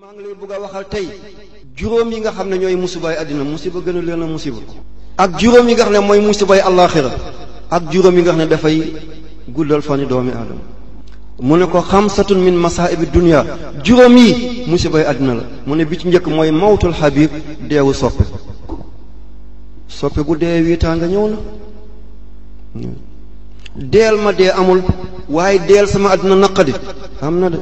maa ngi leen bëgg a waxal tey juróom yi nga xam ne ñooy musibaay àddina musiba gën a leen a musiba ak juróom yi nga xam ne mooy musibaay àllaaxira ak juróom yi nga xam ne dafay guddal fani doomi aadama mu ne ko xamsatun min masaa'ibi dunya juróom yi musibaay àddina la mu ne bi ci njëkk mooy mawtul xabib deewu soppe soppe bu dee wiitaa nga ñëw na deel ma dee amul waaye deel sama àddina naqadi am na de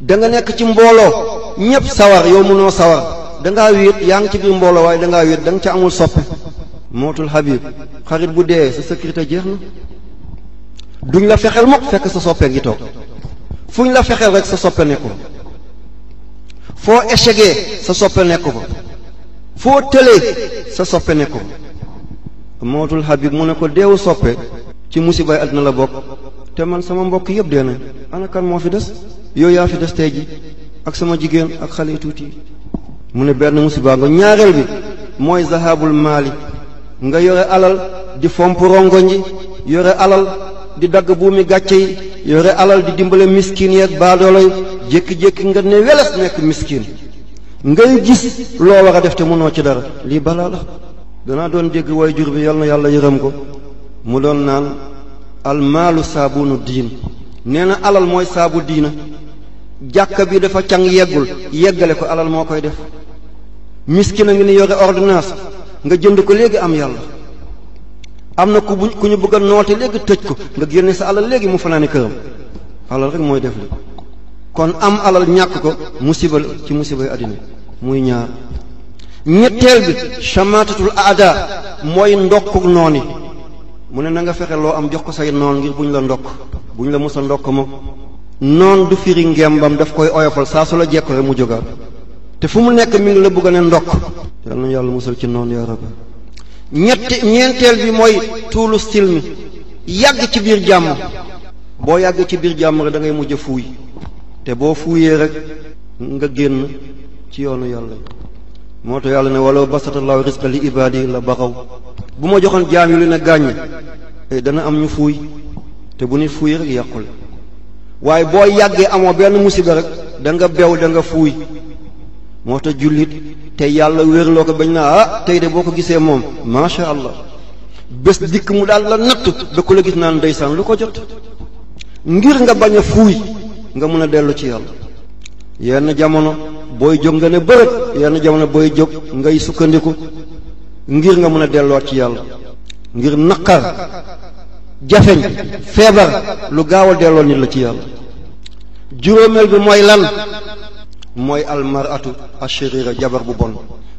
da nga nekk ci mbooloo ñëpp sawar yow mënoo sawar da ngaa wéet yaa ngi ci biir mbooloo waaye da ngaa wéet da nga ca amul soppe mootul Habib xarit bu dee sa sécurité jeex na duñ la fexeel mukk fekk sa soppe ngi toog fuñ la fexeel rek sa soppe nekku foo échegee sa soppe nekku ko foo tëlee sa soppe nekku ko mootul Habib mu ne ko deewu soppe ci musibaay àddina la bokk te man sama mbokk yëpp dee nañ ana moo fi des yow yaa fi des tey ji ak sama jigéen ak xale tuuti mu musiba nga ñaareel bi mooy zahabul mali. nga yore alal di fomp rongo yore alal di dagg buumi gàcce yi yore alal di dimbale miskin yeeg baadooloy jékki-jékki nga ne welas nekk miskin ngay gis loo nga def te mënoo ci dara lii balaa la danaa doon dégg way jur bi yal na yàlla ko mu doon naan saabunu diin nee na alal mooy saabu jàkka bi dafa cang yeggul yeggale ko alal moo koy def miskina ngi ne yore ordonnance nga jënd ko léegi am yàlla am na ku ku ñu bëgg a noote léegi tëj ko nga génne sa alal léegi mu fanaane këram alal rek mooy def li kon am alal ñàkk ko musiba ci musiba yu àddina muy ñaar ñetteel bi chamaatatul aada mooy ndokku nooni mu ne na nga fexe loo am jox ko say noon ngir bu ñu la ndokk bu ñu la mos a ndokk moom noon du firi ngembam daf koy oyofal saa su la jekko rek mu jóga te fu mu nekk mii ngi la bëgg a ne ndokk yal na yàlla musal ci noonu yaa rabbi ñetti ñeenteel bi mooy tuulu stil mi yàgg ci biir jàmm boo yàgg ci biir jàmm rek da mujj a fuuy te boo fuuyee rek nga génn ci yoonu yàlla moo tax yàlla ne wala basatallahu rizqa li ibaadi la baxaw bu ma joxoon jaam yi lu ne gàññ eh, dana am ñu fuuy te bu nit fuuy rek yàqule waaye boo yàggee amoo benn musiba rek da nga bew da nga fuuy moo tax jullit te yàlla wérloo ko bañ naa ah tey de boo ko gisee moom macha allah bés dikk mu daal la natt ba ku la gis naan ndeysaan lu ko jot ngir nga bañ a fuuy nga mën a dellu ci yàlla yenn jamono booy jóg nga ne bërët yenn jamono booy jóg ngay sukkandiku ngir nga mën a delluwaat ci yàlla ngir naqar jafeñ feebar lu gaaw a delloo nit la ci yàlla juróomeel bi mooy lan mooy almaratu ashirira jabar bu bon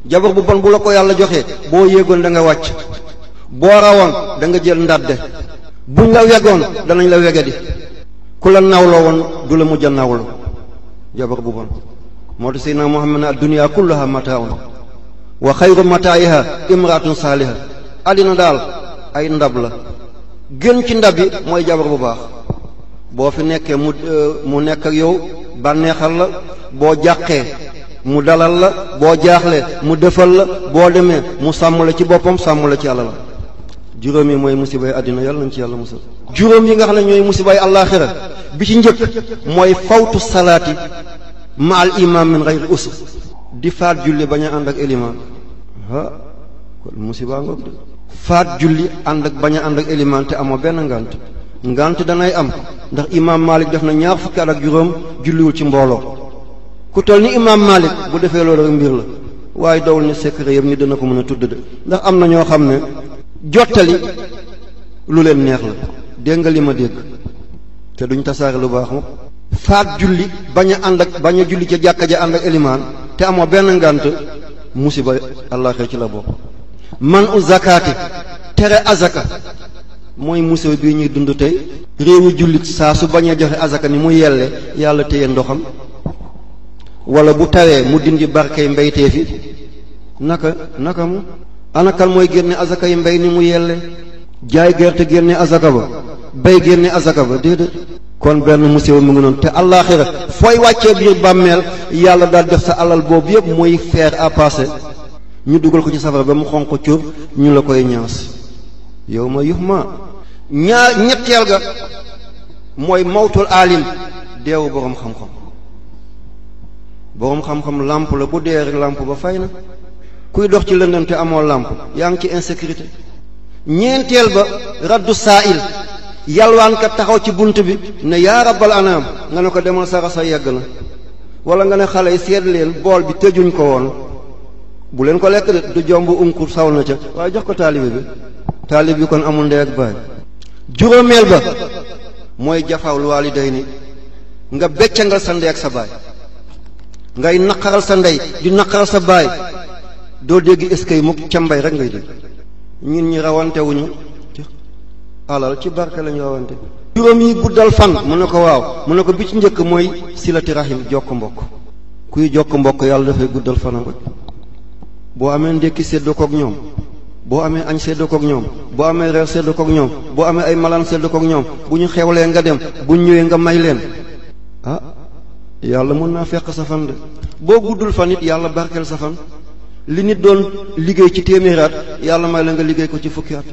jabar bu bon bu la ko yàlla joxe boo yéegoon da wàcc boo rawoon da nga jël ndàdde buñ la wegoon danañ la wegadi ku la nawloo woon du la mujj a nawlu jabar bu bon moo tax Seydina Muhammad ne addunia kulluha mataaun wa xayru mataayiha imraatun saaliha àddina daal ay ndab la gën ci ndab yi mooy jabar bu baax boo fi nekkee mu euh, mu nekk ak yow bànneexal la boo jàqee mu dalal la boo jaaxle mu defal la boo demee mu sàmm la ci boppam sàmm la ci àlla la juróom yi mooy musibay àddina yàlla nañ ci yàlla musal juróom yi nga xam ne ñooy musibay àllaaxira bi ci njëkk mooy fawtu salaati ma al imam min gayri us di faat julli bañ a ànd ak éliman ah kon musiba ngoog de faat julli and ak baña and ak élimaan amo ben ngant ngant da nay am ndax Imam malik def na ñaar fukki ak juroom julli wu ci mbolo ku tol ni imam malik bu defé lolu rek mbir la dawul ni secret yëpp ni dana ko mëna ndax am na ño xam jotali lu leen neex la dégg nga li ma dégg te duñ tasaare lu baax ma faat julli baña and ak baña julli ci jàkka ja ak élimaan te amo ben ngant musiba allah ci la bokk man u tere asaka mooy musée bii ñuy dund tey réewu jullit saa su bañ a joxe azaka ni mu yelle yàlla téye ndoxam wala bu tawee mu dindi barkey mbeytee fi naka naka mu anakal mooy génne asaka yi mbey ni mu yelle jaay gerte génne asaka ba bay génne asaka ba déedéet kon benn musiba mu ngi noonu te àllaaxira fooy wàccee biir bàmmeel yàlla daal def sa alal boobu yëpp muy faire à passer ñu duggal ko ci safara ba mu xonko ci ñu la koy ñaas yawma yuhma yux ma ga moy mawtul alim deew borom xam-xam borom xam-xam lampe la bu deer lampe ba fayna kuy dox ci lëndëm te amo lamp ci insécurité ñentel ba raddu sa'il Yalwan ka taxaw ci buntu bi ne ya rabbal anam nga ko demal sa yegg na wala nga ne xale yi seet bi tejuñ ko won bu leen ko lekk de du jomb unku saw na ca waaye jox ko taalibe bi taalib bi kon amul ndey ak baay juróomeel ba mooy jafawul waaliday ni nga beccangal sa ndey ak sa baay ngay naqaral sa ndey di naqaral sa baay doo dégg eskay mukk cambay rek ngay dégg ñun ñi rawante wuñu alal ci barke lañu rawante juróom yi guddal fan mu ne ko waaw mu ne ko bi ci njëkk mooy silati rahim jokk mbokk kuy jokk mbokk yàlla dafay guddal fanam rek boo amee ndékki séddoo ak ñoom boo amee añ séddoo kook ñoom boo amee reer séddoo kook ñoom boo amee ay malaan ko ak ñoom bu ñu xewlee nga dem bu ñu ñëwee nga may leen ah yàlla mën naa fekk sa fan de boo guddul fan it yàlla barkeel sa fan li nit doon liggéey ci téeméeri yàlla may la nga liggéey ko ci fukki at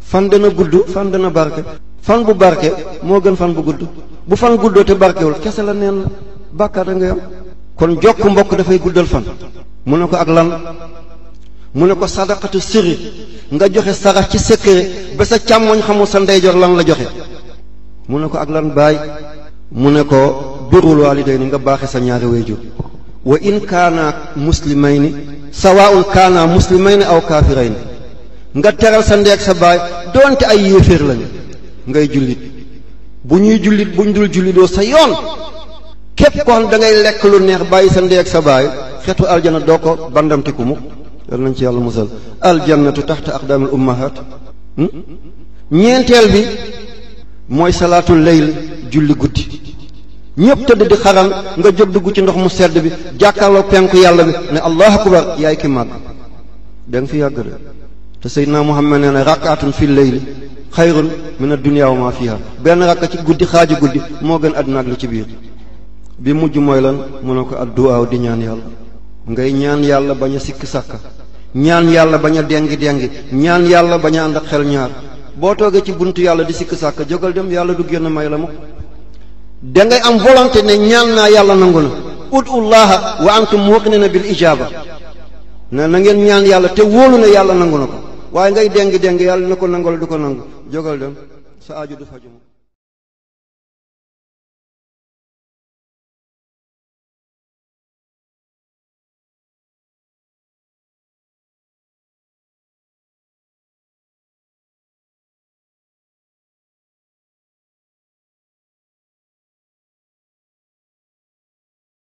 fan dana gudd fan dana barke fan bu barke moo gën fan bu gudd bu fan guddoo te barkewul kese la neen la bàkkaat a kon jokk mbokk dafay guddal fan mu ne ko ak lan mu ne ko sadaqatu sirri nga joxe sarax ci secret ba sa càmmooñ xamul sa ndeyjoor lan la joxe mu ne ko ak lan baay mu ne ko birrul waalidayni nga baaxe sa ñaari wayjur wa kaanaa in kaana muslimayni sawaun kaana muslimayni aw kaafirayni nga teral sa ndeeg sa baay doonte ay yéeféer lañu ngay jullit bu ñuy jullit buñ dul jullidoo sa yoon képp ko xam da ngay lekk lu neex bàyyi sa ndeeg sa baay xetu aljana doo ko bandamtiku mukk yal nañ ci yàlla musal aljannatu taxta ummahat hmm? ñeenteel bi mooy salaatul leyl julli guddi ñëpp tëdd di xaram nga jóg dugg ci ndox mu sedd bi jàkkaarloo penku yàlla bi ne allahu akbar yaay ki mag da fi yàgg te muhammad nee na rakaatun fi leyli xayrun min addunia wa ma fiha benn rakka ci guddi xaaju guddi moo gën àdduna ak ci biir bi mujj mooy lan mu ne ko di ñaan yàlla ngay ñaan yàlla bañ a sikk sàkka ñaan yàlla bañ a dengi-dengi ñaan yàlla bañ a ànd ak xel ñaar boo toogee ci bunt yàlla di sikk sàkka jógal dem yàlla du génn may la ma da ngay am volonté ne ñaan naa yàlla nangu na udullaha wa antum muqinina bil ijaaba na na ngeen ñaan yàlla te wóolu ne yàlla nangu na ko waaye ngay dengi-dengi yàlla na ko nangu du ko nangu jógal dem sa aaju du faju